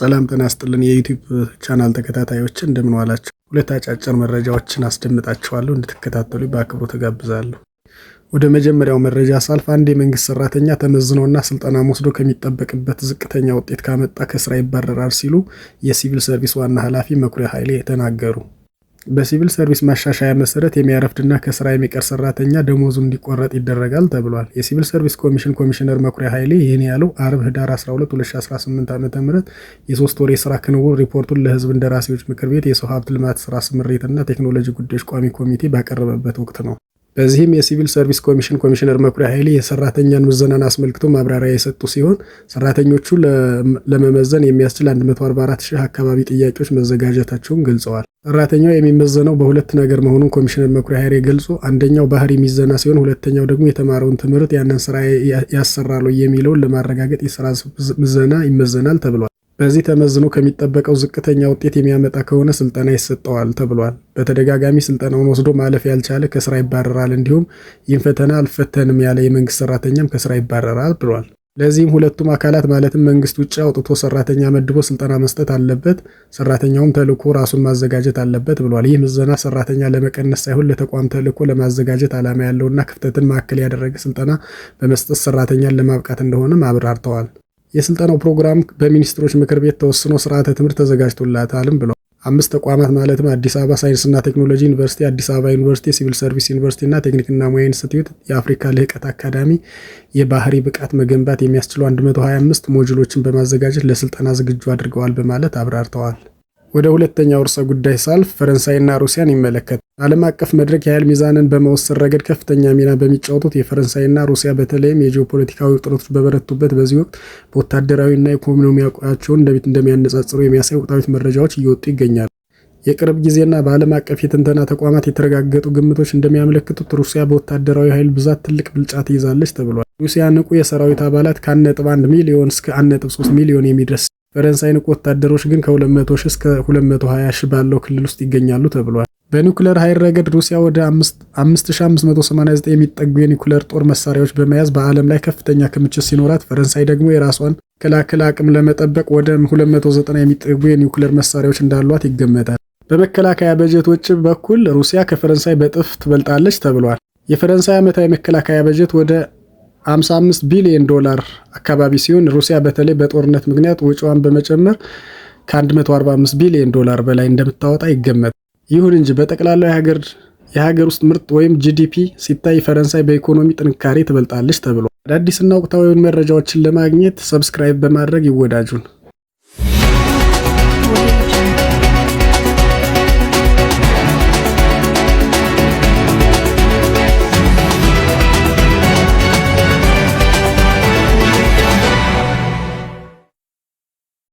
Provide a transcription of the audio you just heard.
ሰላም ጤና ይስጥልን። የዩቲዩብ ቻናል ተከታታዮች እንደምን ዋላችሁ? ሁለት አጫጭር መረጃዎችን አስደምጣችኋለሁ እንድትከታተሉ በአክብሮ ተጋብዛለሁ። ወደ መጀመሪያው መረጃ ሳልፍ አንድ የመንግስት ሰራተኛ ተመዝኖና ስልጠና ወስዶ ከሚጠበቅበት ዝቅተኛ ውጤት ካመጣ ከስራ ይባረራል ሲሉ የሲቪል ሰርቪስ ዋና ኃላፊ መኩሪያ ኃይሌ ተናገሩ። በሲቪል ሰርቪስ ማሻሻያ መሰረት የሚያረፍድና ከስራ የሚቀር ሰራተኛ ደሞዙ እንዲቆረጥ ይደረጋል ተብሏል። የሲቪል ሰርቪስ ኮሚሽን ኮሚሽነር መኩሪያ ኃይሌ ይህን ያለው አርብ ህዳር 12 2018 ዓ ም የሶስት ወር የስራ ክንውን ሪፖርቱን ለህዝብ እንደራሴዎች ምክር ቤት የሰው ሀብት ልማት ስራ ስምሪትና ቴክኖሎጂ ጉዳዮች ቋሚ ኮሚቴ ባቀረበበት ወቅት ነው። በዚህም የሲቪል ሰርቪስ ኮሚሽን ኮሚሽነር መኩሪያ ኃይሌ የሰራተኛን ምዘናን አስመልክቶ ማብራሪያ የሰጡ ሲሆን ሰራተኞቹ ለመመዘን የሚያስችል 144 ሺህ አካባቢ ጥያቄዎች መዘጋጀታቸውን ገልጸዋል። ሰራተኛው የሚመዘነው በሁለት ነገር መሆኑን ኮሚሽነር መኩሪያ ኃይሌ ገልጾ አንደኛው ባህሪ የሚዘና ሲሆን ሁለተኛው ደግሞ የተማረውን ትምህርት ያንን ስራ ያሰራሉ የሚለውን ለማረጋገጥ የስራ ምዘና ይመዘናል ተብሏል። በዚህ ተመዝኖ ከሚጠበቀው ዝቅተኛ ውጤት የሚያመጣ ከሆነ ስልጠና ይሰጠዋል ተብሏል። በተደጋጋሚ ስልጠናውን ወስዶ ማለፍ ያልቻለ ከስራ ይባረራል፣ እንዲሁም ይህን ፈተና አልፈተንም ያለ የመንግስት ሰራተኛም ከስራ ይባረራል ብሏል። ለዚህም ሁለቱም አካላት ማለትም መንግስት ውጭ አውጥቶ ሰራተኛ መድቦ ስልጠና መስጠት አለበት፣ ሰራተኛውም ተልዕኮ ራሱን ማዘጋጀት አለበት ብሏል። ይህ ምዘና ሰራተኛ ለመቀነስ ሳይሆን ለተቋም ተልዕኮ ለማዘጋጀት ዓላማ ያለውና ክፍተትን ማዕከል ያደረገ ስልጠና በመስጠት ሰራተኛን ለማብቃት እንደሆነም አብራርተዋል። የስልጠናው ፕሮግራም በሚኒስትሮች ምክር ቤት ተወስኖ ስርዓተ ትምህርት ተዘጋጅቶላታልም ብለዋል። አምስት ተቋማት ማለትም አዲስ አበባ ሳይንስና ቴክኖሎጂ ዩኒቨርሲቲ፣ አዲስ አበባ ዩኒቨርሲቲ፣ ሲቪል ሰርቪስ ዩኒቨርሲቲና ቴክኒክና ሙያ ኢንስቲትዩት፣ የአፍሪካ ልህቀት አካዳሚ የባህሪ ብቃት መገንባት የሚያስችሉ 125 ሞጁሎችን በማዘጋጀት ለስልጠና ዝግጁ አድርገዋል በማለት አብራርተዋል። ወደ ሁለተኛው ርዕሰ ጉዳይ ሳልፍ ፈረንሳይና ሩሲያን ይመለከታል። በዓለም አቀፍ መድረክ የኃይል ሚዛንን በመወሰን ረገድ ከፍተኛ ሚና በሚጫወቱት የፈረንሳይና ሩሲያ በተለይም የጂኦፖለቲካዊ ውጥረቶች በበረቱበት በዚህ ወቅት በወታደራዊና ኢኮኖሚ እንደቤት እንደሚያነጻጽሩ የሚያሳይ ወቅታዊት መረጃዎች እየወጡ ይገኛሉ። የቅርብ ጊዜና በዓለም አቀፍ የትንተና ተቋማት የተረጋገጡ ግምቶች እንደሚያመለክቱት ሩሲያ በወታደራዊ ኃይል ብዛት ትልቅ ብልጫ ትይዛለች ተብሏል። ሩሲያ ንቁ የሰራዊት አባላት ከ1.1 ሚሊዮን እስከ 1.3 ሚሊዮን የሚደርስ ፈረንሳይ ንቁ ወታደሮች ግን ከ200 ሺህ እስከ 220 ሺህ ባለው ክልል ውስጥ ይገኛሉ ተብሏል። በኒውክለር ኃይል ረገድ ሩሲያ ወደ 5589 የሚጠጉ የኒውክለር ጦር መሳሪያዎች በመያዝ በዓለም ላይ ከፍተኛ ክምችት ሲኖራት፣ ፈረንሳይ ደግሞ የራሷን ከላክል አቅም ለመጠበቅ ወደ 290 የሚጠጉ የኒውክለር መሳሪያዎች እንዳሏት ይገመታል። በመከላከያ በጀት ወጪ በኩል ሩሲያ ከፈረንሳይ በጥፍ ትበልጣለች ተብሏል። የፈረንሳይ ዓመታዊ መከላከያ በጀት ወደ 55 ቢሊዮን ዶላር አካባቢ ሲሆን ሩሲያ በተለይ በጦርነት ምክንያት ወጪዋን በመጨመር ከ145 ቢሊዮን ዶላር በላይ እንደምታወጣ ይገመታል። ይሁን እንጂ በጠቅላላው የሀገር የሀገር ውስጥ ምርት ወይም ጂዲፒ ሲታይ ፈረንሳይ በኢኮኖሚ ጥንካሬ ትበልጣለች ተብሏል። አዳዲስና ወቅታዊ መረጃዎችን ለማግኘት ሰብስክራይብ በማድረግ ይወዳጁን።